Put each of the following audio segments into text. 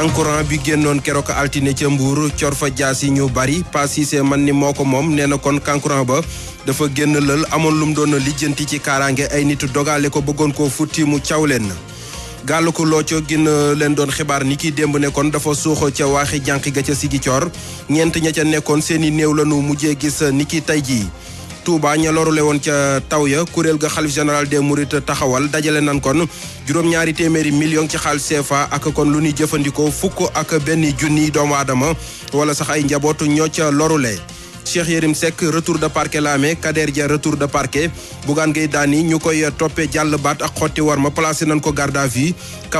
kankurang bi génnoon keroog altine ca Mbour cor fa jaas yi ñu bari Pa man ni moo ko moom nee na kon kankurang ba dafa génn lël amoon lum doon lijjanti ci kaaraange ay nit dogale ko bëggoon ko futti mu caw leen. gàll ko looco gin euh, leen doon xibaar ni ki démb ne kon dafa suuxo ca waaxi jànq ga ca Sigicoor ñeent ña ca nekkoon seeni néew la nu mujjee gis euh, ni ki tey jii. Touba ña lorule woon ca taw ya kuréel ga xalif général des Mourides taxawal dajale nan kon juróom-ñaari téeméeri million ci xaalis CFA ak kon lu ñuy jëfandikoo fukk ak benn junniy doomu adama wala sax ay njabootu ñoo ca lorule Cheikh Yérim Seck retour de parquet la amee Kader Dia retour de parquet Bougane Gueye Dany ñu koy euh, toppee jàll baat ak xotti war ma placé nañ ko garde à vue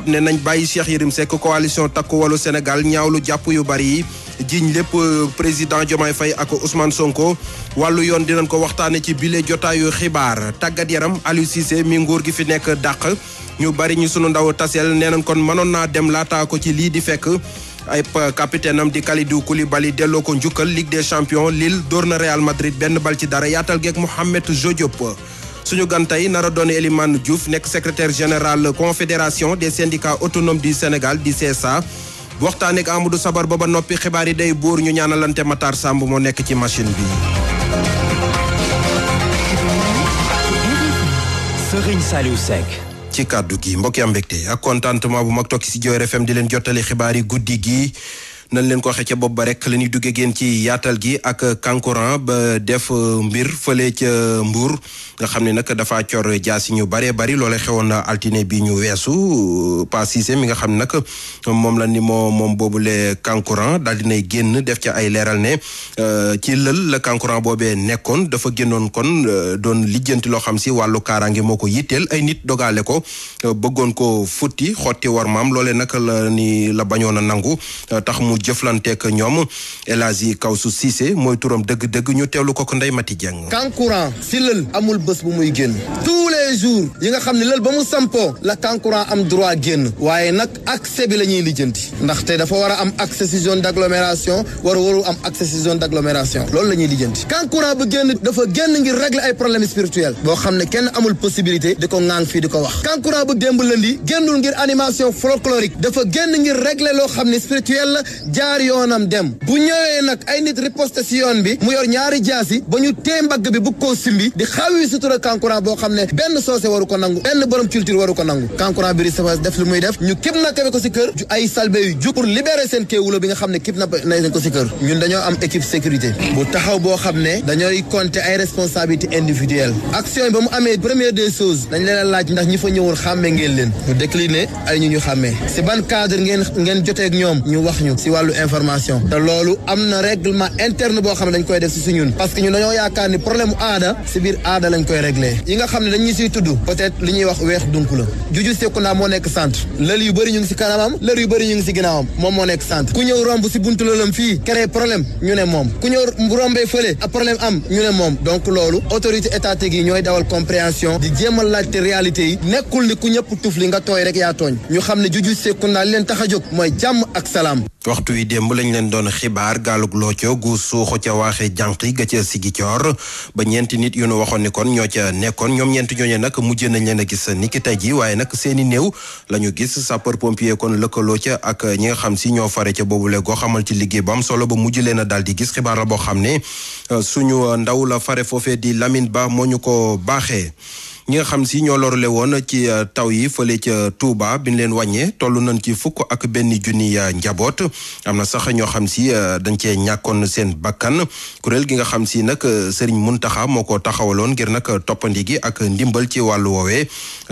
ne nañ bàyyi Cheikh Yérim Seck coalition takku walu Sénégal ñaawlu jàpp yu bari yi jiiñ lépp euh, président Diomaye fay ak Ousmane Sonko wàllu yoon dinañ ko waxtaane ci bile jotaayu xibaar tàggat yaram Aliou Cissé mi nguur gi fi nekk dàq ñu bari ñu sunu ndaw taseel nee nañ kon mënoon naa dem laataa ko ci lii di fekk ay capitaine am di Kalidou bali delloo ko njukkal Ligue des champions Lille dóor na Real Madrid benn bal ci dara yaatal geeg Mohamed Jodiop suñu gan tey nar a doon Elimane Diouf nekk secrétaire général confédération des syndicats autonomes du Sénégal di CSA waxtaan ak du Sabar ba ba noppi xibaar yi day buur ñu ñaanalante Matar Samb moo nekk ci machine bi. ci kàddu gi mbokk yi am mbégte ak contentement bu mag tokki si Joor FM di leen jottali xibaar yi guddi gi nañ leen ko waxee ca bopp ba rek la ñuy duggee génn ci yaatal gi ak kankuran ba def euh, mbir fële ca Mbour nga xam ne nag dafa cor jaasi ñu baree bari loole xewoon na altine bi ñu weesu euh, Pa Cissé mi nga xam ne nag moom la ni moo moom boobu boobule kankuran daal dinay génn def ca ay leeral ne euh, ci lël la kankuran boobee nekkoon dafa génnoon kon doon lijjanti loo xam si wàllu kaaraange moo ko yitteel ay nit dogale ko bëggoon ko futti xotti war maam loole nag la la bañoon a nangu jëflanteek ñoom El Hadji Kawsu Cissé mooy turam dëgg-dëgg ñu teelu ko ko Ndeye Mati Dieng. kankurang si lël amul bés bu muy génn tous les jours yi nga xam ne lël ba mu sampoo la kankurang am droit génn waaye nag ak bi la ñuy lijjanti ndaxte dafa war a am accès si zone d' agglomération war waru am accès si zone d' agglomération loolu la ñuy lijjanti kankurang bu génn dafa génn ngir régler ay problèmes spirituels boo xam ne kenn amul possibilité di ko ŋaang fii di ko wax kankurang bu démb lëndi génnul ngir animation folklorique dafa génn ngir régler loo xam ne spirituel la jaar yoonam dem bu ñëwee nag ay nit riposte si yoon bi mu yor ñaari jaasi ba ñu tee mbagg bi bu koo simbi di xaawi sutura kankurang boo xam ne benn soose waru ko nangu benn borom culture waru ko nangu kankurang bi risafas def li muy def ñu képp nakkabe ko si kër ay salbe yu jug pour libérer seen kéewulo bi nga xam ne képp na nañ ko si kër ñun dañoo am équipe sécurité bu taxaw boo xam ne dañooy compter ay responsabilité individuel action yi mu amee première des choses dañ leen laaj ndax ñi fa ñëwoon xàmmee ngeen leen ñu décliner ay ñu ñu xàmmee si ban cadre ngeen ngeen ñoom ñu wax ñu wàllu information te loolu am na règlement interne boo xam ne dañ koy def si suñun parce que ñun dañoo yaakaar ni problème aada si biir aada lañ koy réglé yi nga xam ne dañ ñu siy tudd peut-être li ñuy wax weex dunk la juju Sekounda moo nekk centre lël yu bëri ñu ngi si kanamam lël yu bëri ñu ngi si ginnaawam moom moo nekk centre ku ñëw romb si buntu lëlam fii créé problème ñu ne moom ku ñëw rombee fële a problème am ñu ne moom donc loolu autorité étatique yi ñooy dawal compréhension di ku ñëpp tuf li nga tooy rek yaa tooñ ñu xam ne juju Sekounda li leen tax a jóg mooy jàmm ak salaam waxtu waxtu yi démb lañ leen doon xibaar gaalug looco gu suuxu ca waaxee jànq ga ca Sigicoor ba ñeenti nit yu nu waxoon ni kon ñoo ca nekkoon ñoom ñeenti ñooñu nag mujj nañ leen a gis niki tey ji waaye nag seeni néew la ñu gis sapeur pompier kon lëkkaloo ca ak ñi nga xam si ñoo fare ca boobule goo xamal ci liggéey bu solo ba mujj leen a daal gis xibaar la boo xam ne euh, suñu ndaw la fare foofee di Lamine Ba moo ñu ko baaxee ñi nga xam si ñoo lorule woon ci euh, taw yi fële ca Touba bi ñu leen wàññee toll nañ ci fukk ak benn junni euh, njaboot am na sax ñoo xam si euh, dañ cee ñàkkoon seen bakkan kuréel gi nga xam si nag Serigne Mountakha moo ko taxawaloon ngir nag toppandi gi ak ndimbal ci wàllu woowee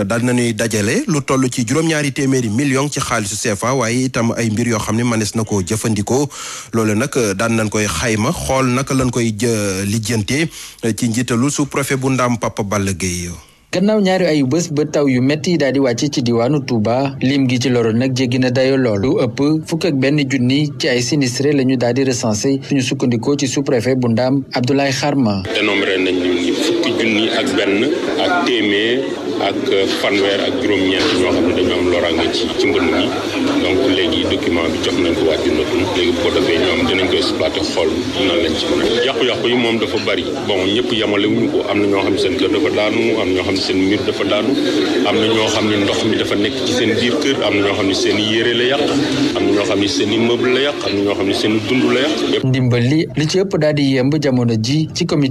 daal nañuy dajale lu toll ci juróom-ñaari téeméeri million ci xaalisu CFA waaye itam ay mbir yoo xam ne manees na ko jëfandikoo loolu nag daan nañ koy xayma xool naka lañ koy lijjante ci njiitalu sous-préfet bu Ndaam Papa Balla Gueye gannaaw ñaari ayu bés ba taw yu metti yi daal di wàcc ci diwaanu Touba lim gi ci loro nag jéggi na dayo lool lu ëpp fukk ak benn junni ci ay sinistré la ñu daal di recensé suñu sukkandikoo ci sous bu Ndaam Abdoulaye Kharma dénombré nañ ñu fukki ak fanweer ak juróom-ñeent ñoo xam ne dañu am loraange ci ci mbënd mi donc léegi document bi jox ko waa Junatun xool nan lañ ci mën a moom dafa bari bon ñëpp yamale wuñu am na ñoo xam ne seen kër dafa daanu am na xam ne seen mur dafa daanu am na ñoo xam ne ndox mi dafa nekk ci seen biir am na ñoo xam ne seen i la yàq am na ñoo xam ne seen i xam ne seen li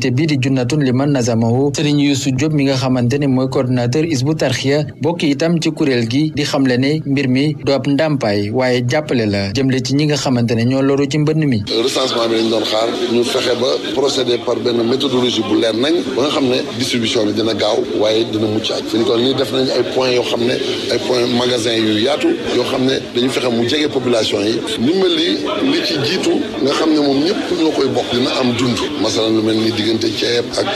li ji ci nga xamante mooy coordinateur coordonnateur Hizbut Tarqiyyah bokk itam ci kuréel gi di xamle ne mbir mi du ab ndàmpaay waaye jàppale la jëmle ci ñi nga xamante ne ñoo loru ci mbënn mi. recensement bi lañ doon fexe ba procéder par benn méthodologie bu leer nañ ba nga xam ne distribution bi dina gaaw waaye dina mucc aj fi ñu ko nii def nañ ay points yoo xam ne ay points magasin yu yaatu yoo xam ne dañu fexe mu jege population yi ndimbal li li ci jiitu nga xam ne moom ñëpp ñoo koy bokk dina am dund masalan lu mel ni diggante ceeb ak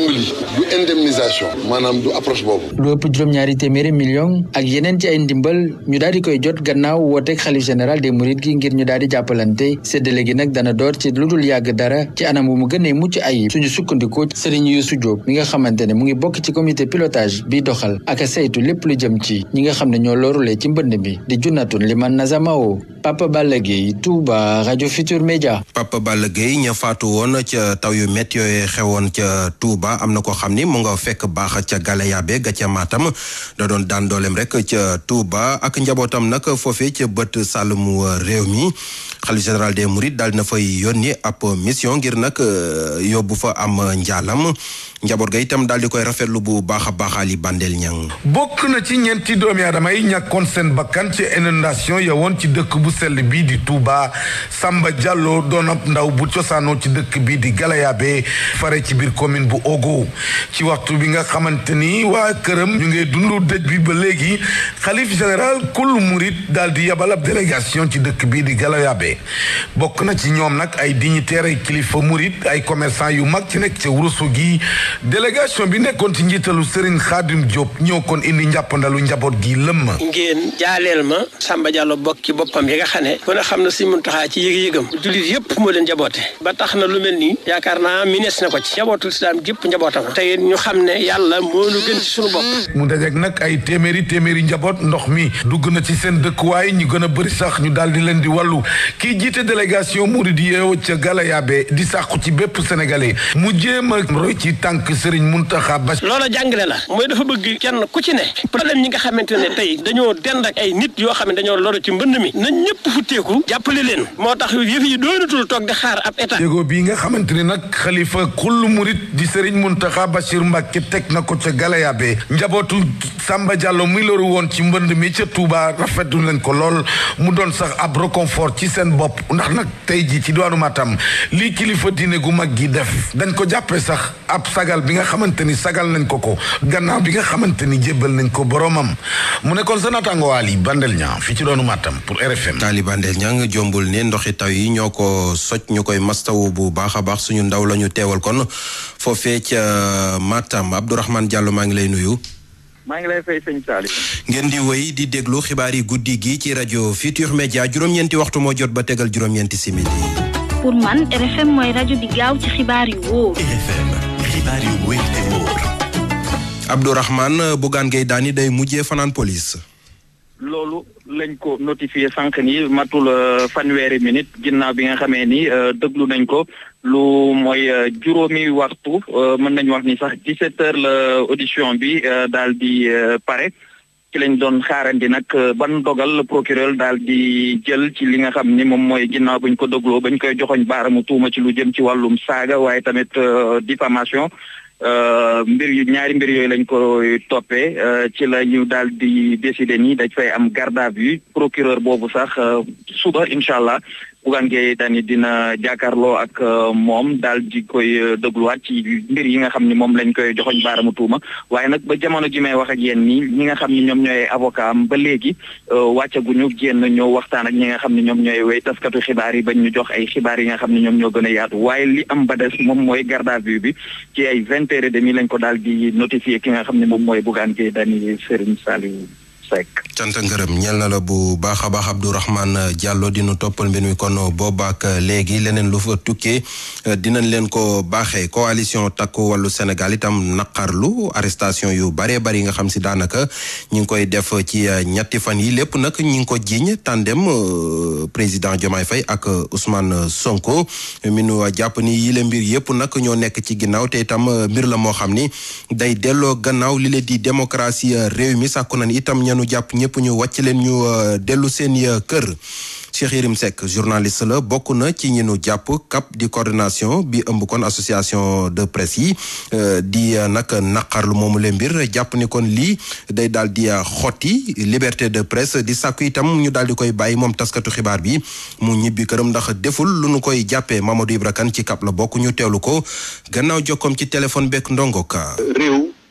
dimbali du indemnisation maanaam du approche juróom-ñaari téeméeri million ak yeneen ci ay ndimbal ñu daal di koy jot gannaaw wooteeg xalif général des mourides gi ngir ñu daal di jàppalante séddale gi nag dana door ci lu dul yàgg dara ci anam wu mu gënee mucc ayib suñu sukkandikoo Serigne Youssou Diop mi nga xamante ne mu ngi bokk ci comité pilotage bi doxal ak saytu lépp lu jëm ci ñi nga xam ne ñoo loorulee ci mbënd bi di junnatun liman nazamao Papa Balla Gueye Touba rajo Futur Media. Papa Balla Gueye ña faatu woon ca taw yu métti yooyu xewoon ca Touba am na ko xam ni mu nga fekk baax ca Galayabe ga ca Matam da doon daan doolem rek ca Touba ak njabootam nag foofee ca bët sàllumu réew mi xalif général des Mourides daal na fay yónni ab mission ngir nag eh, yóbbu fa am njaalam. njaboot ga itam daal di koy rafetlu bu baax a baaxaali bandeel ñang bokk na ci ñeenti doomi yaa yi ñàkkoon seen bakkan ci inondation ya ci dëkk bu sell bii di Touba sàmba Diallo doon ab ndaw bu cosaanoo ci dëkk bi di Galayabe fare ci biir commune bu Ogo ci waxtu bi nga xamante ni waa këram ñu ngi dund dëj bi ba léegi xalif général kul murit daal di yabal ab ci dëkk bi di Galayabe bokk na ci ñoom nag ay dignitaire ay kilifa murit ay commerçant yu mag ci nekk ca gi délégation bi nekkoon ci njiitalu Serigne Khadim Diop ñëw kon indi njàppandalu njaboot gi ma ngeen jaaleel ma Samba Diallo bokk ci boppam yi nga xam ne ku xam na si mun Mountakha ci yëg-yëgam jullit yëpp moo leen jaboote ba tax na lu mel nii yaakaar naa minees ne ko ci njabootul islaam gépp njabootam te ñu xam ne yàlla moo nu gën ci suñu bopp mu dajeek nag ay téeméeri téeméeri njaboot ndox mi dugg na ci seen dëkkuwaay ñu gën a bëri sax ñu daal di leen di wàllu kii jiite délégation Mouride yeew ca Galayabe di sàqu ci bépp sénégalais tànk sëriñ Muntaxa Ba loola jàngale la mooy dafa bëgg kenn ku ci ne problème ñi nga xamante ne tey dañoo dend ak ay nit yoo xam ne dañoo loru ci mbënd mi nañ ñëpp fu jàppale leen moo tax yëf yi doonatul toog di xaar ab état jéego bii nga xamante nag xalifa kullu murit di sëriñ Muntaxa Bachir Mbàkke teg na ko ca Galayabe njabootu Samba Diallo muy loru woon ci mbënd mi ca Touba rafetlu nañ ko lool mu doon sax ab réconfort ci seen bopp ndax ci diwaanu Matam lii kilifa diine gu mag gi def dañ ko jàppe sax ab sagal bi nga xamante ni sagal nañ ko ko gannaaw bi nga xamante ni jébbal nañ ko boromam mu nekkoon sa naataango Waly Bandel Niang fi ci doonu Matam pour RFM. Waly Bandel Niang jombul ne ndoxi taw yi ñoo ko soj ñu koy mastawu bu baax a baax suñu ndaw la ñu teewal kon foofee ca Matam Abdourahmane Diallo maa ngi lay nuyu. maa ngi lay ngeen di wéy di déglu xibaar yi guddi gi ci rajo Futur Media juróom-ñeenti waxtu moo jot ba tegal juróom-ñeenti mooy rajo bi gaaw ci xibaar yu xibaar yu bu te wóor. Abdourahmane day mujjee fanaan police. loolu lañ ko notifié sànq nii matul euh, fanweeri minute ginnaaw bi nga xamee ni euh, déglu nañ ko lu mooy euh, juróomi waxtu mën nañu wax ni sax 17 heures la audition bi daal di pare. ci lañu doon xaarandi nag euh, ban dogal procureur daal di jël ci li nga xam ni moom mooy ginnaaw buñ ko dogloo bañ koy joxoñ baaramu tuuma ci lu jëm ci wàllum saaga waaye tamit euh, diffamation euh, mbir yu ñaari mbir yooyu lañ koy toppee ci la ñu daal di décider nii dañ fay am garde à vue procureur boobu sax suba incha allah Bougane Gueye Dany dina jàkkaarloo ak euh, moom daal di koy euh, dégluwaat ci mbir yi nga xam ni moom lañ koy joxoñ baaramu tuuma waaye nag ba jamono ji may wax ak yéen nii ñi nga xam ni ñoom ñooy avocat am ba léegi euh, wàccaguñu génn ñëw waxtaan ak ñi nga xam ne ñoom ñooy way taskatu xibaar yi bañ ñu jox ay xibaar yi nga xam ne ñoom ñoo gën a yaatu waaye li am ba des moom mooy garde à vue bi ci ay vingt heures de mi lañ ko daal di notifié ki nga xam ne moom mooy Bougane Gueye Dany Serigne Saliou Seck. cant ngërëm ñeel na la bu baax a baax Abdourahmane Diallo dinu toppal mbir mi kon boobaak léegi leneen lu fa tukkee euh, dinañ leen ko baaxee coalition takku wàllu Sénégal itam lu arrestation yu baree bari nga xam si daanaka ñi ngi koy def ci euh, ñetti fan yi lépp nag ñi ngi ko jiiñ tandem euh, président Diomaye Faye ak Ousmane Sonko mi nu jàpp ni yile mbir yëpp nag ñoo nekk ci ginnaaw te itam mbir la moo xam ni day delloo gannaaw li le di démocratie réew mi sàkku ñu jàpp ñëpp ñu wàcc leen ñu euh, dellu seen euh, kër Cheikh Yérim Seck journaliste la bokk na ci ñi nu jàpp CAP di coordination bi ëmb kon association de presse yi euh, di nag naqarlu moom leen mbir jàpp ni kon lii day daal di xotti liberté de presse di sàkku itam ñu daal di koy bàyyi moom taskatu xibaar bi mu ñibbi këram ndax deful lu nu koy jàppee Mamadou Ibra Kane ci CAP la bokk ñu teewlu ko gannaaw jokkoom ci téléphone beeg ndongo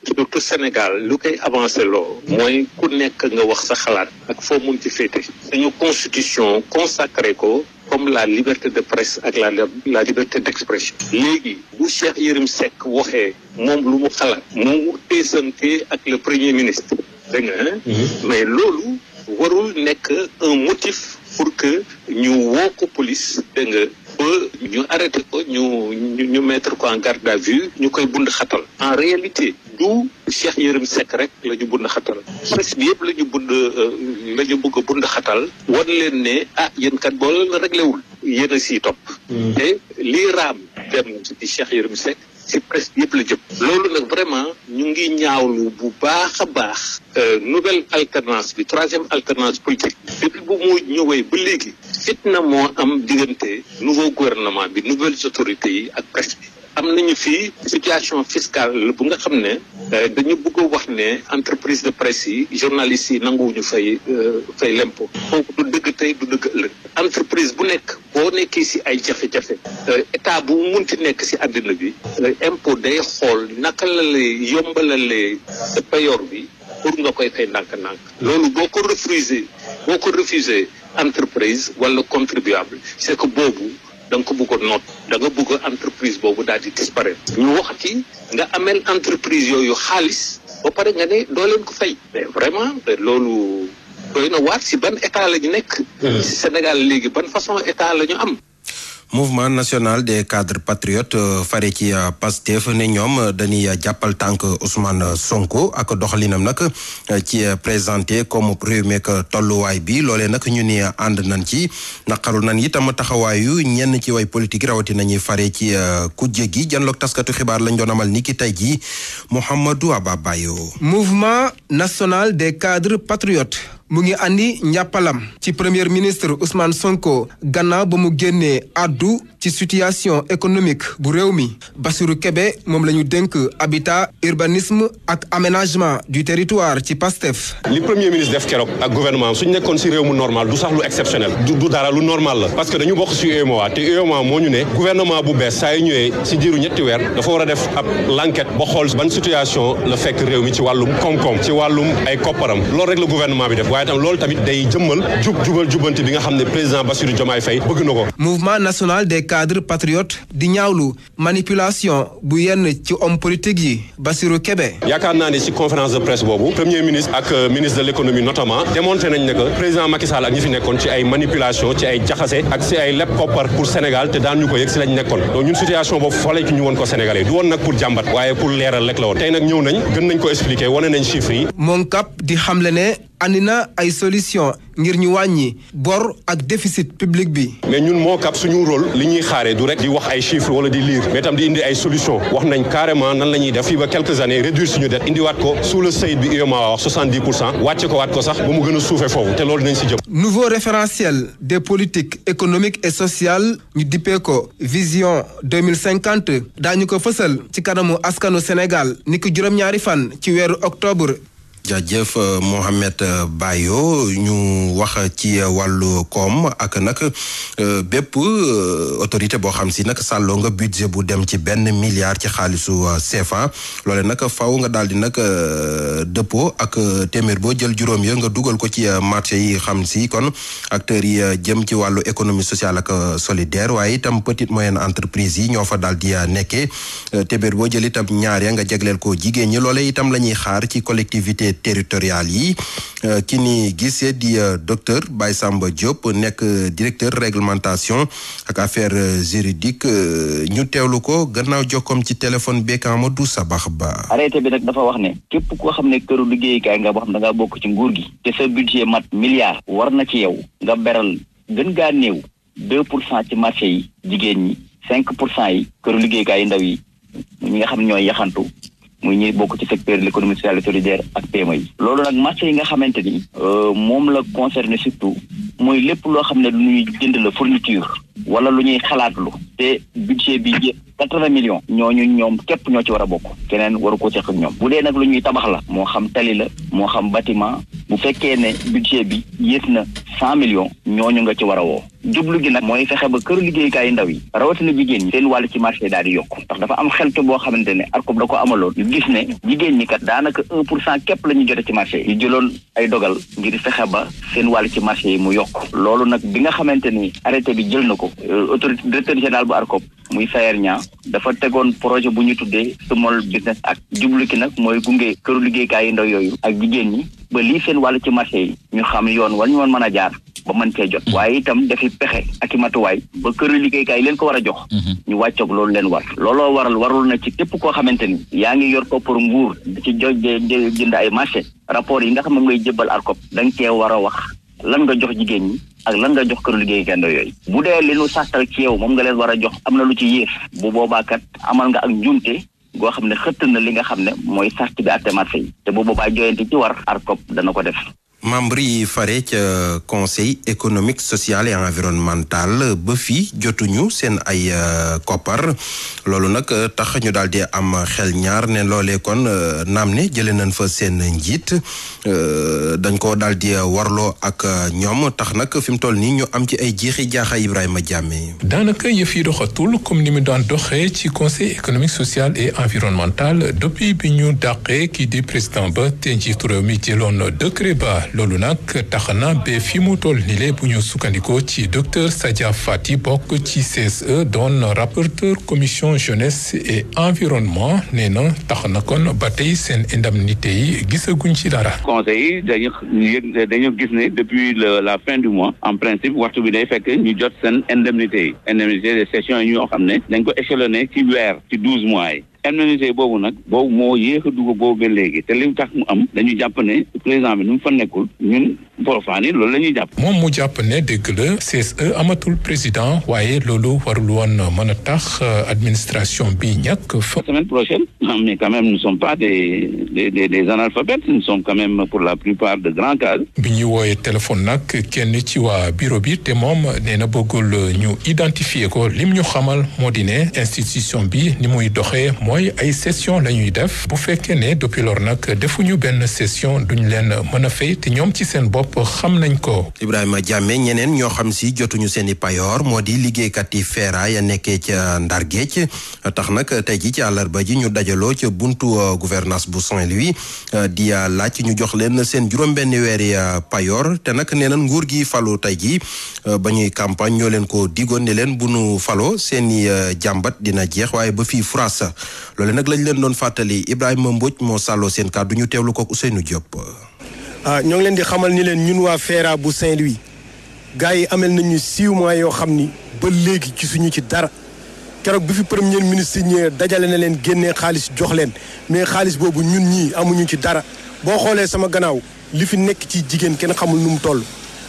surtout Sénégal lu koy avancé loo mooy ku nekk nga wax sa xalaat ak foo mun ci féete suñu constitution consacré ko comme la liberté de presse ak la la liberté d'expression léegi bu Cheikh Yérim Seck waxee moom lu mu xalaat mu teesante ak le premier ministre dégg nga mhm. mais loolu warul nekk un motif pour que ñu woo ko police dégg nga ba ñu arrêté ko ñu ñu mettre ko en garde à vue ñu koy bund xatal en réalité du Cheikh Yérim Seck rek la bund xatal presse yëpp la bund euh, la ñu bëgg bund xatal wan leen ne ah yéen kat boo leen réglé wul yéen a siy topp mm. te lii raam dem ci Cheikh Yérim Seck ci presse yëpp la jëm loolu nag vraiment ñu ngi ñaaw bu baax a baax euh, nouvelle alternance bi troisième alternance politique depuis bu mu ñëwee ba léegi fitna moo am diggante nouveau gouvernement bi nouvelles autorités yi ak presse bi. am nañu fii situation fiscale bu nga xam ne euh, dañu bëgg wax ne entreprise de presse yi journalistes yi nanguwuñu fay euh, fay lempo kooku du dëgg tey du dëgg ëllëg entreprise bu nekk boo nekki si ay jafe-jafe euh, état bu munti nekk si àddina bi impôt day xool naka la lay yombalalee sa payoor bi pour nga koy fay ndànk-ndànk loolu boo ko refusé boo ko refusé entreprise wala contribuable c'est que boobu da nga ko bëgg a noot da nga bëgg entreprise boobu daal di disparaître ñu wax ki nga ameel entreprise yooyu xaalis ba pare nga ne doo leen ko fay mais vraiment loolu doy na waat si ban état la ñu nekk hmm. Sénégal léegi ban façon état la ñu am mouvement nationale des cadre patriotes euh, fare ci euh, Pastef ne ñoom euh, dañuy jàppal tànk Ousmane Sonko ak doxalinam nag ci présenter comme réew tolluwaay bi loolee nag ñu ni ànd nañ ci naqaru nan itam taxawaayu ñenn ci way politique rawati nañuy fare ci kujje gi janloog taskatu xibaar lañ doon amal ni ki tey jii Mouhamadou Ababayo mouvement national des cadres patriotes mu ngi andi njàppalam ci premier ministre Ousmane Sonko gannaaw ba mu génnee àddu ci situation économique bu réew mi Bassirou Kébé moom la ñu dénk habitat urbanisme ak aménagement du territoire ci PASTEF. li premier ministre def keroog ak gouvernement suñu nekkoon si réew mu normal du sax lu exceptionnel du dara lu normal la parce que dañu bokk si UEMOA te UEMOA moo ñu ne gouvernement bu bees saa yu ñëwee si diiru ñetti weer dafa war a def ab l'enquête ba xool ban situation la fekk réew mi ci wàllum koom-koom ci ay kopparam loolu rek la gouvernement bi waaye tamit day jëmmal jub jubal jubbanti bi nga xam ne président Bassirou Diomaye Faye bëgg na ko. mouvement national des cadres patriotes di ñaawlu manipulation bu yenn ci homme politique yi Bassirou Kébé. yaakaar naa ne ci conférence de presse boobu premier ministre ak euh, ministre de l'économie notamment démontré nañ ne président Macky ak ñi fi nekkoon ci ay manipulation ci ay jaxase ak ci ay leb koppar pour Sénégal te daan ñu ko yëg ci lañ nekkoon donc ñun andi na ay solution ngir ñu wàññi bor ak déficit public bi. mais ñun moo kap suñu rôle li ñuy xaaree du rek di wax ay chiffres wala di lire mais tam di indi ay solution wax nañ carrément nan lañuy def fii ba quelques années réduire suñu dette indiwaat ko sous le seuil bi UEMOA wax 70 pour cent wàcce ko waat ko sax ba mu gën a suufee foofu te loolu dinañ si jëm. nouveau référentiel des politiques économiques et sociales ñu dippee ko vision 2050 daañu ko fësal ci kanamu askanu Sénégal niki juróom-ñaari fan ci weeru octobre. jaajëf euh, Mohamed euh, Bayo ñu wax ci euh, wàllu koom ak nag bépp autorité boo xam si nag sàlloo nga budget bu dem ci benn milliard ci xaalisu CFA loole nag faw nga daal di nag dëppoo ak téeméer boo jël juróom ya nga dugal ko ci marché yi xam si kon acteurs yi jëm ci wàllu économie sociale ak solidaire waaye itam petite moyen entreprise yi ñoo fa daal di nekkee téeméer boo jël itam ñaar ya nga jagleel ko jigéen ñi loole itam la ñuy xaar ci collectivité territoriales yi euh, ki ni gisee di euh, docteur Baye Samba Diop nekk euh, directeur réglementation ak affaires juridiques ñu teewlu ko gannaaw jokkoom ci téléphone beeg Amadou Sabax Ba. arrêté bi nag dafa wax ne képp koo xam ne këru liggéeykaay nga boo xam da ngaa bokk ci nguur gi te sa budget mat milliard war na ci yow nga beral gën gaa néew deux pour cent ci marché yi jigéen ñi cinq pour cent yi këru liggéeykaay yi ndaw yi ñi nga xam ne ñooy yaxantu muy ñuy bokk ci secteur de l'économie sociale et solidaire ak PME yi. loolu nag marché yi nga xamante ni. Euh, moom la concerné surtout mooy lépp loo xam ne lu ñuy jënd la fourniture. wala lu ñuy xalaatlu te budget bi yëpp quatre-vingts millions ñooñu ñoom képp ñoo ci war a bokk keneen waru ko seq ak ñoom bu dee nag lu ñuy tabax la moo xam tali la moo xam bâtiment bu fekkee ne budget bi yées na cent millions ñooñu nga ci war a woo jublu gi nag mooy fexe ba kër këru liggéeyukaayu ndaw yi rawatina jigéen ñi seen wàll ci marché daal di yokk ndax dafa am xeltu boo xamante ne ARCOP da ko amaloon ñu gis ne jigéen ñi kat daanaka un pour cent képp la ñu ci marché yi jëloon ay dogal ngir fexe ba seen wàll ci marché yi mu yokk loolu nag bi nga xamante ni arrêté bi jël na ko ARCOP euh, autorité directeur général bu ARCOP muy Sayer ñaa dafa tegoon projet bu ñu tuddee Small Business ak jublu ki nag mooy gunge këru liggéeykaay yi ndaw yooyu ak jigéen ñi ba lii seen wàll ci marché yi ñu xam yoon war ñu woon mën a jaar ba man cee jot waaye itam dafi pexe ak i matuwaay ba këru liggéeykaay yi leen ko war a jox mhm. ñu wàccoog loolu leen war looloo waral warul na ci képp koo xamante ni yaa ngi yor ko pour nguur ci jo jënd ay marché rapport yi nga xam ne ngay jébbal ARCOP da nga war a wax lan nga jox jigéen ñi ak lan nga jox liggéey liggéeykaandoo yooyu bu dee li nu sàttal ci yow moom nga leen war a jox am na lu ci yéef bu boobaa kat amal nga ak njuumte goo xam ne xëtt na li nga xam ne mooy sart bi àtte marché yi te bu boobaa joyante ci war ARCOP dana ko def membre yi fare ca conseil économique social et environnemental ba fii jotuñu seen ay euh, koppar loolu nag euh, tax ñu daal di am xel ñaar ne loolee kon euh, naam ne jëlee nañ fa seen njiit dañ ko daal di warloo ak ñoom tax nag fi mu toll nii ñu am ci ay jeexi jaaxa Ibrahima Diame. daanaka yëf yi doxatul comme ni mu daan doxee ci conseil économique sociale et environnemental depuis bi ñu dàqee kii di président ba te njiitu réew mi jëloon décret ba. loolu nag tax na ba fi mu toll nii le bu ñu sukkandikoo ci docteur Sadia Fati bokk ci CSE doon rapporteur commission jeunesse et environnement nee na tax na kon ba tey seen indemnité yi gisaguñ ci dara. conseil yi dañu yëg dañu gis ne depuis la fin du mois en principe waxtu bi day fekk ñu jot seen indemnité yi indemnité de session yi ñoo xam ne dañ ko échelonné ci weer ci douze mois yi indemnité boobu nag boobu moo yéex a dugg boobu ba léegi te li tax mu am dañu jàpp ne président bi nu mu fa nekkul ñun Borofane yi loolu la ñuy jàpp. moom mu jàpp ne dëgg la CSE amatul président waaye loolu warul woon mën a tax euh, administration bi ñàkk fa. semaine prochaine ah, mais quand même nous pas des des des des analphabètes nous sommes quand même pour la plupart de grands cadres. bi ñu wooyee téléphone nag kenn ci waa bureau bi te moom nee na bëggul ñu identifier ko lim ñu xamal moo di ne institution bi mooy ay session la ñuy def bu fekkee ne depuis lor nag defuñu benn session duñ leen mën a fay te ñoom ci seen bopp xam nañ ko. Ibrahima Diame ñeneen ñoo xam si jotuñu seen i payoor moo di liggéeykat yi feera ya nekkee ca Ndar Géej tax nag tey ji ci àllarba ji ñu dajaloo ca buntu euh, gouvernance bu Saint-Louis euh, di euh, laaj ñu jox leen seen juróom-benn weeri payoor te nag nee na nguur gi falu tey ji ba ñuy campagne ñoo leen ko digoon ne leen bu nu faloo seeni i jàmbat dina jeex waaye ba fii France loole nag lañ leen doon fàttali Ibrahima Mbodj moo sàlloo seen kàddu ñu teewlu ko Ousseynou Diop. ah ñoo ngi leen di xamal ni leen ñun waa FERA bu Saint-Louis gars yi amel ñu six mois yoo xam ni ba léegi ci suñu ci dara keroog bi fi premier ministre ñëwee dajale na leen génne xaalis jox leen mais xaalis boobu ñun ñii amuñu ci dara boo xoolee sama gannaaw li fi nekk ci jigéen kenn xamul nu mu toll.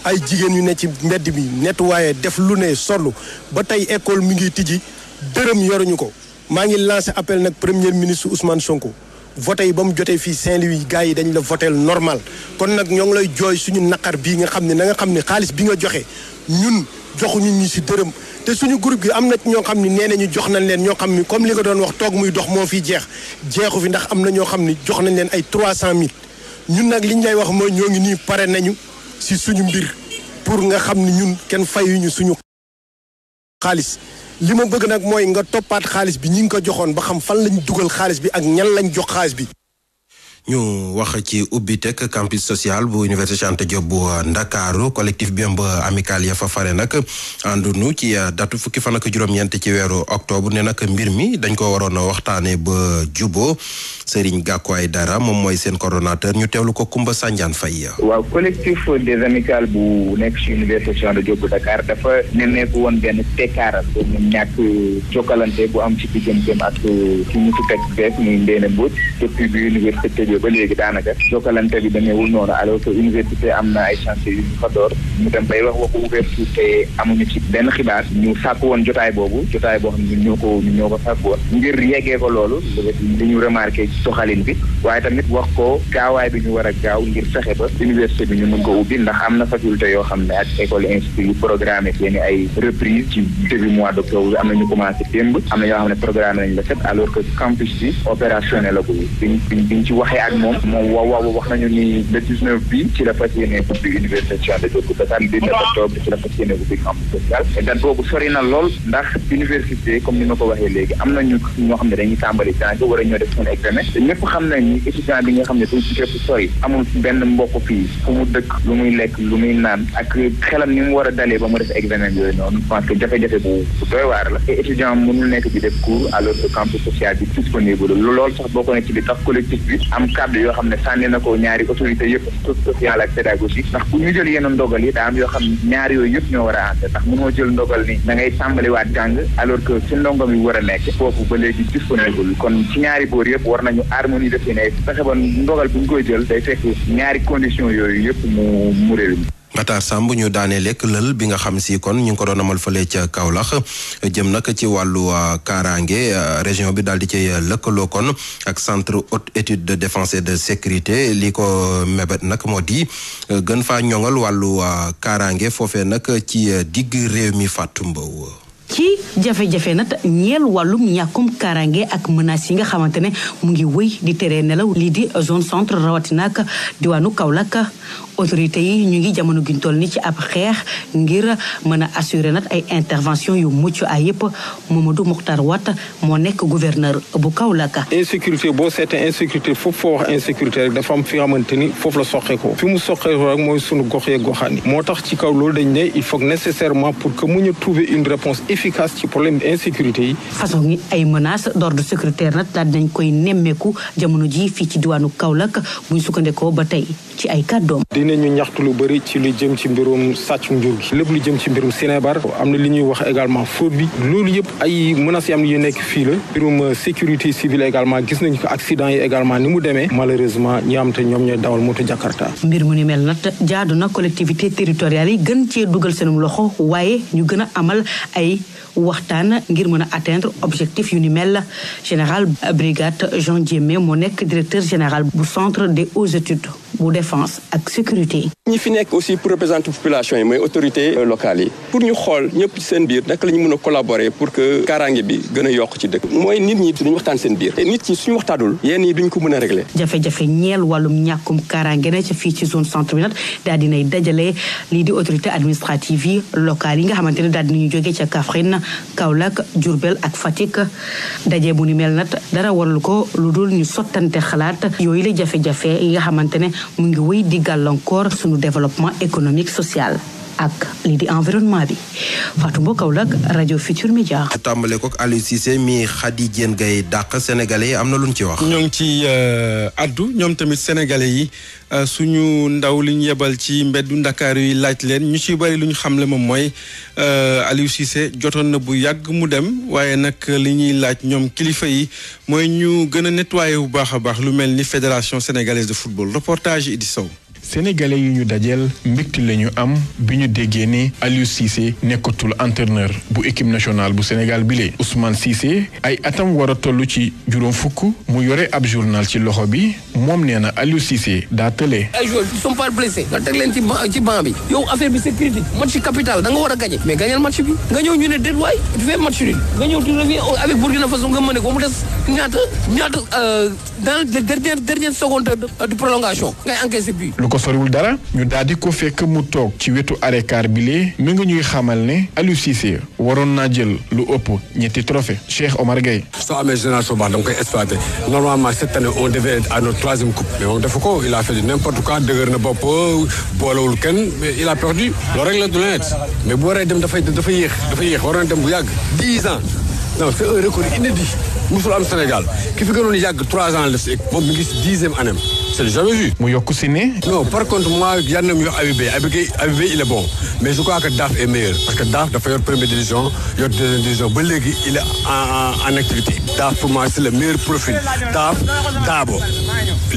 ay jigéen yu ne ci mbedd bi nettoyé def lu ne sollu ba tey école mi ngi tijji dërëm yoruñu ko maa ngi lancé appel nag premier ministre Ousmane Sonko voté yi ba mu jotee fii Saint-Louis gars yi dañ la votel normal kon nag ñoo ngi lay jooy suñu naqar bii nga xam ne nanga xam ne xaalis bi nga joxe ñun joxu ñu si dërëm te suñu groupe bi am na ñoo xam ni nee nañu jox nañ leen ñoo xam ni comme li nga doon wax toog muy dox moo fi jeex jeexu fi ndax am na ñoo xam ni jox nañ leen ay trois cent mille ñun nag li ñu lay wax mooy ñoo ngi nii pare nañu si suñu mbir pour nga xam ne ñun kenn fayuñu suñu li ma bëgg nag mooy nga toppaat xaalis bi ñi ngi ko joxoon ba xam fan lañ dugal xaalis bi ak ñan lañ jox xaalis bi ñu wax ci ubbiteg campus social bu université Cheikh Anta Diop bu Ndakaaru collectif bi ëmb amical ya fa fare nag àndunu ci datu fukki fan ak juróom-ñeent ci weeru octobre ne nag mbir mi dañ ko waroon a waxtaanee ba jubo juboo Serigne Gakou dara moom mooy seen coordonnateur ñu teewlu ko Kumba Sanjaan Fay. waaw collectif des amicales bu nekk ci université Cheikh Anta Diop bu Dakar dafa nemmeeku woon benn tekkaaral pour ñu ñàkk jokkalante bu am ci digganteem ak ci ñu fi teg muy ba léegi daanaka jokkalante bi demeewul noonu alors que université am na ay chantier yu ñu fa door bay wax waxu ouverture te amuñu ci benn xibaar ñu sàkk woon jotaay boobu jotaay boo xam ne ñoo ko ñoo ko sàkk woon ngir yeggee ko loolu li ñu remarqué ci doxalin bi waaye tamit wax ko gaawaay bi ñu war a gaaw ngir fexe ba université bi ñu mën ko ubbi ndax am na faculté yoo xam ne ak école institut yu programmé seeni ay reprise ci début na ñu commencé démb am na yoo xam ne programmé nañ la set alors que campus bi opérationnel la ko biñ biñ ci waxee ak moom moom waaw wax nañu ni le 19 bi ci la fas yéene ubbi université Cheikh Anta Diop bu Dakar le 17 ci la fas yéene ubbi campus social date boobu comme ni ma ko waxee léegi am nañu ñoo xam ne dañuy tàmbali jàng war a ñoo def seen examen te ñëpp xam nañ ni étudiant bi nga xam ne dañ ci képp sori amul benn mbokk fii fu mu dëkk lu muy lekk lu muy naan ak xelam ni mu war a dalee ba mu def examen yooyu noonu je pense que bu doy waar la te étudiant mënul nekk di def cours alors que campus social bi disponible lool sax bokk na ci li tax collectif bi kàddu yoo xam ne sànni na ko ñaari autorité yëpp sociale ak pédagogique ndax bu ñu jël yenn ndogal yi daa yoo xam ne ñaari yooyu yëpp ñoo war a ànd ndax mënoo jël ndogal ni da ngay tàmbaliwaat jàng alors que ci ndongom yi war a nekk foofu ba léegi disponible kon ci ñaari boor yëpp war nañu harmonie de fi ne fexe ba ndogal bu ñu koy jël day fekk ñaari condition yooyu yëpp mu mu réew mi Matar Samb ñu daanee lekk lël bi nga xam si kon ñu ngi ko doon amal fële ca Kaolack jëm nag ci wàllu euh, kaaraange euh, région bi daal di cay lëkkaloo kon ak centre haute étude de défense et de sécurité li ko mébét nag moo di euh, gën faa ñoŋal wàllu kaaraange foofee nag ci digg réew mi Fatou Mbow ci jafe-jafe nag ñeel wàllum ñàkkum kaaraange ak menaces yi nga xamante ne mu ngi wëy di tere nelaw lii di zone centre rawatina ak diwaanu Kaolack autorités yi ñu ngi jamono giñ toll ni ci ab xeex ngir mën a assurer nag ay intervention yu mucc ay yëpp moom du Mokhtar Watt moo nekk gouverneur bu Kaolack. insécurité boo seetee insécurité foofu foo wax insécurité rek dafa am fi ni foofu la soqeekoo fi mu soqeekoo rek mooy sunu gox yee goxaan yi moo tax ci kaw loolu dañ ne il faut nécessairement pour que mu ñu trouver une réponse efficace ci problème de insécurité yi. façon yi ay menaces d'ordre sécuritaire nag daal dinañ koy nemmeeku jamono ji fii ci diwaanu Kaolack buñ sukkandekoo ba tey ci ay kàddoom. nañu ñaxtu lu bëri ci lu jëm ci mbirum sàccum njur gi lépp lu jëm ci mbirum Sénébar am na li ñuy wax également fraude bi loolu yëpp ay menaces yi am na yu nekk fii la mbirum euh, sécurité civile également gis nañu ko accident yi également ni mu demee malheureusement ñi ñoom ñooy dawal moto Jakarta. mbir mu ni mel nag jaadu na collectivité territoriale yi gën cee dugal seenum loxo waaye ñu gën amal ay waxtaan ngir mën a atteindre objectif yu ni mel général brigade Jean Diémé moo nekk directeur général bu centre de hautes études bu défense ak sécurité. ñi fi nekk aussi pour représenter population yi mooy autorités locales yi pour ñu xool ñëpp ci seen biir naka la ñu mën a collaborer pour que kaaraange bi gën yokk ci dëkk. mooy nit ñi duñu waxtaan seen biir te nit ñi suñu yéen ñi duñ ko mën a régler. jafe-jafe ñeel wàllum ñàkkum kaaraange na fii ci zone centre bi nag daal dinay dajale lii di autorité administrative yi locales yi nga xamante ne daal dinañu jógee ca Kaffrine Kaolack jurbel ak Fatick daje bu ni mel na dara warul ko lu dul ñu sottante xalaat yooyu la jafe-jafe yi xamante ne mu ngi wéy di gàllankoor suñu développement économique social ak lii di environnement bi Fatou Mbow Kaolack rajo Futur Media. tàmbale ko ak Aliou Cissé mi Khady Diène Gaye dàq sénégalais yi am na lu ñu ci wax. ñoo ngi ci euh, addu ñoom tamit sénégalais yi euh, suñu ndaw li ñu yebal ci mbeddu ndakaar yi laaj leen ñu ci bari lu ñu xamle moom mooy euh, Aliou Cissé jotoon na bu yàgg mu dem waaye nag li ñuy laaj ñoom kilifa yi mooy ñu gën a nettoyé bu baax a baax lu mel ni fédération sénégalaise de football reportage Idi Sow. sénégalais yu ñu dajeel mbégte la ñu am bi ñu déggee ni Aliou Cissé nekkatul entraîneur bu équipe nationale bu Sénégal bile Ousmane Cissé ay atam war a toll ci juróom fukk mu yore ab journal ci loxo bi moom nee na Aliou daa tële. ay joueurs ils sont pas blessés nga teg leen ci ci banc bi yow affaire bi c'est critique match capital danga nga war a gagner mais gagnal match bi nga ñëw ñu ne déet waay tu fais match nul nga ñëw tu reviens avec Burkina Faso nga mën ko mu des ñaata ñaata euh, dans les dernières dernières secondes de prolongation ngay encaisser but. soriwul dara ñu daal di ko fekk mu toog ci wetu arrêt car bile mi ngi ñuy xamal ne ali Cissé waroon naa jël lu ëpp ñetti trophée Cheikh Omar Gueye. soo amee génération baax dama koy exploité normalement cette année on devait être à notre troisième coupe mais moom dafa ko il a fait n'importe quoi dëgër na bopp boolewul kenn mais a perdu loolu rek du la mais bu waree dem dafay dafa yéex dafa yéex waroon dem bu yàgg dix ans musul am Sénégal ki fi gënoon yàgg trois ans la si moom mi ngi si dixième année c'est jamais vu. mu yokk si ne. non par contre moi yal na mu yor Habib Beye Habib Beye il est bon mais je crois que Daf est meilleur parce que Daf dafa yor première division yor deuxième division ba léegi il est en en activité. Daf pour moi c'est le meilleur profil Daf Dabo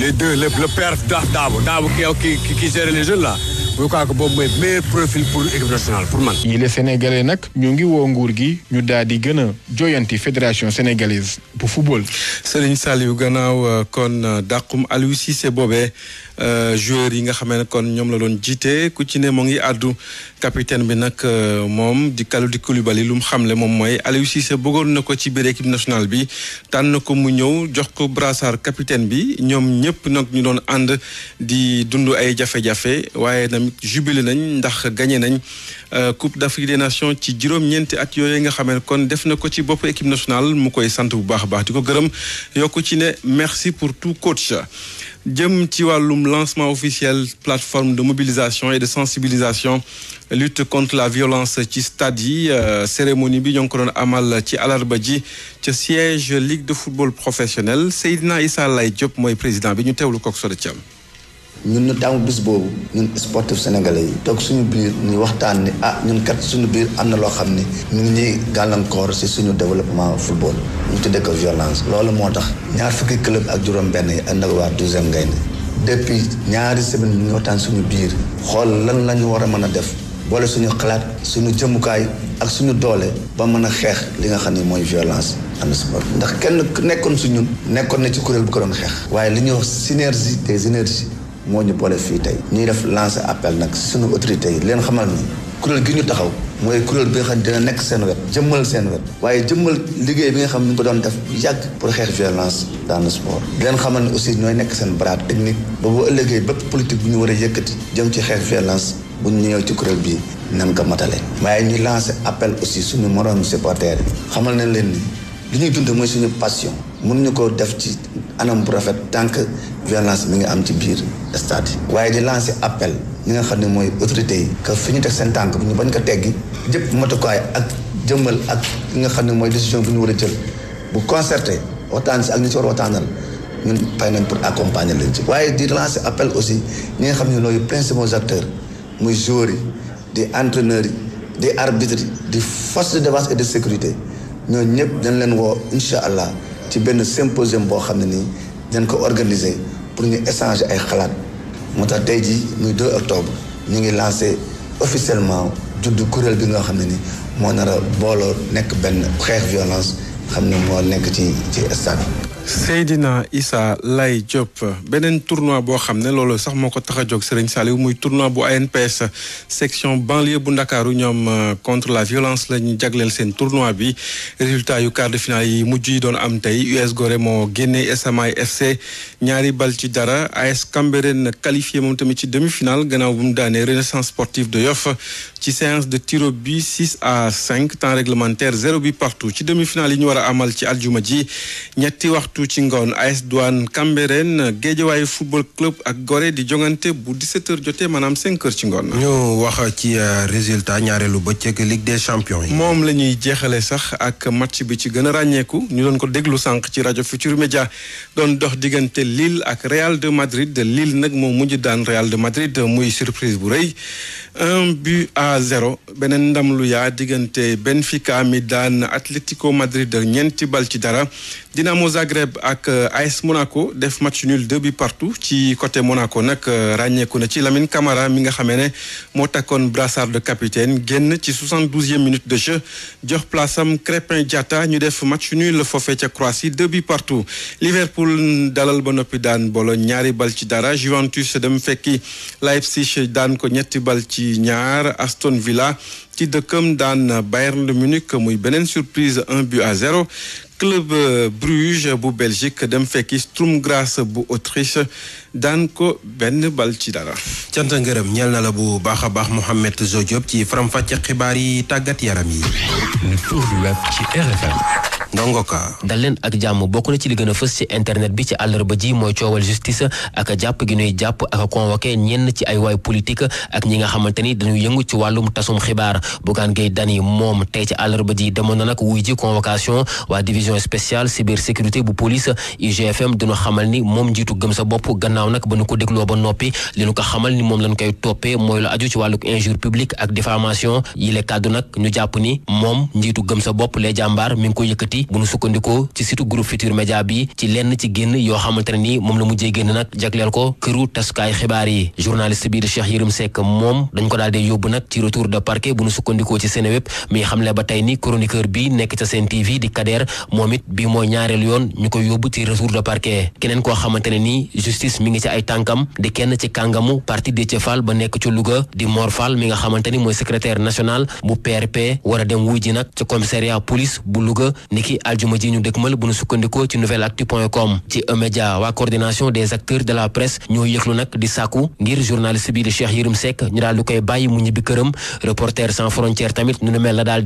les deux le le père Daf Dabo Dabo kii kii kii gère les jeunes là. je crois que boobu mooy meilleur profil pour équipe nationale pour man. yile sénégalais nag ñu ngi woo nguur gi ñu daal di gën a joyanti fédération sénégalaise bu football. Serigne Saliou gannaaw euh, kon euh, dàqum Aliou Cissé boobee. Euh, joueurs yi nga xamee ne kon ñoom la doon jiite ku ci ne mu ngi àddu capitaine bi nag euh, moom di Kalidou Koulibaly lu mu xamle moom mooy Aliou bëggoon na ko ci biir équipe nationale bi tànn ko mu ñëw jox ko brassard capitaine bi ñoom ñëpp nag ñu doon ànd di dund ay jafe-jafe waaye tamit jubile nañ ndax gagné nañ euh, Coupe d'Afrique des Nations ci juróom-ñeenti at yooyu nga xamee ne kon def na ko ci bopp équipe nationale mu koy sant bu baax a baax di ko gërëm yokku ci ne merci pour tout coach jëm ci wàllum lancement officiel plateforme de mobilisation et de sensibilisation lutte contre la violence ci stade yi euh, cérémonie bi ñoo ngi ko doon amal ci alarba ji ca siège ligue de football professionnel Seydina Issa Lay Diop mooy président bi ñu teewlu kook Soda Thiam ñun ñu taamu bis boobu ñun sportif sénégalais yi toog suñu biir ñu waxtaan ni ah ñun kat suñu biir am na loo xam ni ñu ngi ñuy gàllankoor si suñu développement football ñu tuddee ko violence loolu moo tax ñaar fukki club ak juróom benn yi ànd ak waa douzième gaynde depuis ñaari semaine ñu ngi waxtaan suñu biir xool lan la ñu war a mën a def boole suñu xalaat suñu jëmukaay ak suñu doole ba mën a xeex li nga xam ne mooy violence am sport ndax kenn nekkoon su ñun nekkoon na ci kuréel bu ko doon xeex waaye li ñuy wax synergie des énergies moo ñu boole fii tey. ñuy def lancer appel nag suñu autorité yi leen xamal ni kuréel gi ñu taxaw. mooy kuréel bi nga xam ne dina nekk seen wet. jëmmal seen wet. waaye jëmmal liggéey bi nga xam ne ñu ko doon def yàgg. pour xeex violence dans le sport. di leen xamal ne aussi ñooy nekk seen bras technique. ba bu ëllëgee bépp politique bu ñu war a yëkkati. jëm ci xeex violence bu ñu ñëw ci kuréel bii nan ko matale. waaye ñuy lancer appel aussi suñu moroomu supporters yi. xamal nañ leen ni li ñuy dund mooy suñu passion. mënuñu ko def ci anam bu rafet tant que violence mi ngi am ci biir stade yi. waaye di lancer appel ñi nga xam ne mooy autorité yi. que fi ñu teg seen tànk bu ñu bañ ko teggi. jëpp matukaay ak jëmmal ak ki nga xam ne mooy décision bu ñu war a jël bu concerté waxtaan si ak ñi si war a waxtaanal ñun fay nañ pour accompagner leen ci. waaye di lancer appel aussi ñi nga xam ne looyu principaux acteurs muy joueurs yi di entraîneurs yi di arbitres yi di force de défense et de sécurité ñooñu ñëpp dañ leen woo incha allah. ci benn symposium boo xam ne ni dañ ko organiser pour ñu échanger ay xalaat moo tax tey jii muy 2 octobre ñu ngi lancé officiellement juddu kuréel bi nga xam ne ni moo nar booloo nekk benn xeex violence xam ne moo nekk ci ci stade Seydina Issa Lay Diop beneen tournoi boo xam ne loolu sax moo ko tax a jóg Serigne Saliou muy tournoi bu ANPS section banlieue bu Ndakaaru ñoom euh, contre la violence la ñu jagleel seen tournoi bi résultat yu quart de finale yi mujj yi doon am tey US Gorée moo génnee SMI FC ñaari bal ci dara AS Cambérène qualifié moom tamit ci demi-finale gannaaw bu mu daanee Renaissance sportive de Yoff ci séance de tiro bi but 6 à 5 temps réglementaire 0 bi partout ci demi-finale ñu war a amal ci aljuma ji ñetti waxtu waxtu ci ngoon AS Douane Cambérène Guédiawaye football club ak Gorée di jongante bu 17h jotee maanaam 5 ci ngoon. wax ci euh, résultat ñaareelu bëccëg Ligue des champions yi. moom la ñuy jeexale sax ak match bi ci gën a ràññeeku ñu doon ko déglu sànq ci rajo Futur Média doon dox diggante Lille ak Real de Madrid Lille nag moom mujj daan Real de Madrid muy surprise bu rëy un but à zéro beneen ndam lu yaa diggante Benfica mi daan Atlético Madrid ñeenti bal ci dara Dinamo Zagreb. Maghreb ak euh, AS Monaco def match nul deux bi partout ci côté Monaco nag euh, ràññeeku na ci Lamine Camara mi nga xamee ne moo takkoon brassard de capitaine génn ci 72e minute de jeu jox place am Crépin Diatta ñu def match nul foofee ca Croatie deux bi partout. Liverpool dalal ba noppi daan Bologne ñaari bal ci dara Juventus dem fekki Leipzig daan ko ñetti bal ci ñaar Aston Villa ci dëkkam daan Bayern de Munich muy beneen surprise un but à zéro. club euh, Bruges bu Belgique dem fekki Sturm Graz bu Autriche daan ko benn bal ci dara. cant ngërëm ñeel na la bu baax a baax Mouhamed Zodiop ci faram-fàcce xibaar yi tàggat yaram yi. le tour du web ci RFM. ndongo ka dal leen ak jàmm bokk na ci li gën a fës ci internet bi ci àllarba ji mooy coowal justice ak jàpp gi ñuy jàpp ak convoqué ñenn ci ay waay politique ak ñi nga xamante ni dañuy yëngu ci wàllum tasum xibaar Bougane Gueye Dany moom tey ci àllarba ji demoon na nag wuy ji convocation waa division spéciale cybersécurité bu police IGFM dina xamal ni moom njiitu gëm sa bopp gannaaw ginnaaw nag ba nu ko dégloo ba noppi li nu ko xamal ni moom lañ koy toppee mooy lu aju ci wàlluk injure publique ak diffamation yi le kàddu nag ñu jàpp ni moom njiitu gëm sa bopp les jàmbaar mi ngi ko yëkkati bu nu sukkandikoo ci situ groupe Futurs Médias bi ci lenn ci génn yoo xamante ne ni moom la mujjee génn nag jagleel ko këru tasukaay xibaar yi journaliste bii di Cheikh Yérim Seck moom dañ ko daal di yóbbu nak ci retour de parquet bu nu sukkandikoo ci Seneweb mi xamle ba tey bi nekk ca seen TV di Kader moom it mooy ñaareelu yoon ñu ko yóbbu ci retour de parquet koo xamante ne ngi ci ay tànkam di kenn ci kàngamu parti Déthié Fall ba nekk ci Louga di Mor mi nga xamante mooy secrétaire national bu PRP war a dem wuy ji nag ci commissariat police bu Louga niki aljuma ji ñu dëkkmal bu nu sukkandikoo ci nouvelleactu.com ci eMédia waa coordination des acteurs de la presse ñoo yëglu nag di sàkku ngir journaliste bi di Cheikh Yérim ñu daal koy bàyyi mu ñibbi këram reporter sans frontières tamit nu nu mel la daal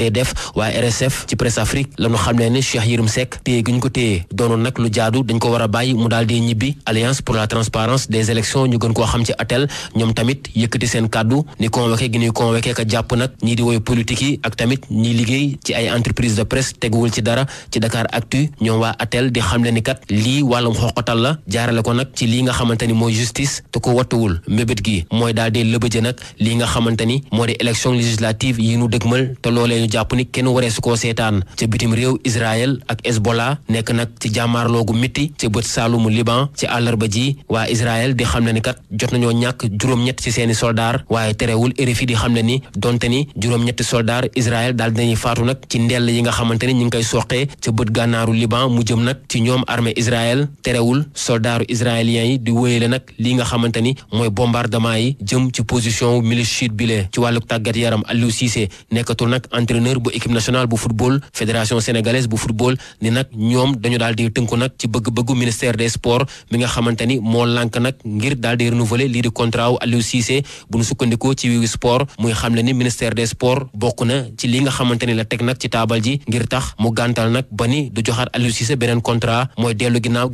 a transparence des élections ñu gën koo xam ci atel ñoom tamit yëkkati seen kàddu ni convoqué gi ñuy convoqué ka jàpp nag ñii di woy politique yi ak tamit ñiy liggéey ci ay entreprise de presse teguwul ci dara ci Dakar Actu ñoom waa atel di xamle ni kat lii wàllum xoqatal la jaarale ko nag ci lii nga xamante ni mooy justice te ko wattuwul mbébét gi mooy daal lëbëje nag lii nga xamante moo di élection législative yi ñu dëgmal te loolee ñu jàpp ni kenn koo seetaan ca bitim réew Israël ak Hezbollah nekk nag ci jàmmaarloogu waa Israël di xam ne ni kat jot nañoo ñàkk juróom-ñett ci seeni soldaar waaye terewul RFI di xam ne ni donte ni juróom-ñetti soldaar Israël daal dinañuy faatu nag ci ndell yi nga xamante ni ñu ngi koy soqee ca bët gànnaaru Liban mu jëm nag ci ñoom armée Israël terewul soldaaru israéliens yi di wéyale nag li nga xamante ni mooy bombardement yi jëm ci position milice chiite ci wàllu tàggat yaram Aliou Cissé nekkatu nag entraîneur bu équipe nationale bu football fédération sénégalaise bu football ni nag ñoom dañu daal di tënku nag ci bëgg-bëggu ministère des sports lank nag ngir daal di renouveler lii di contrat wu Aliou Cissé bu nu sukkandikoo ci wiwi sport muy xam ne ni ministère des sports bokk na ci li nga xamante ni la teg nag ci taabal ji ngir tax mu gàntal nag ba ni du joxaat Aliou Cissé beneen contrat mooy dellu ginnaaw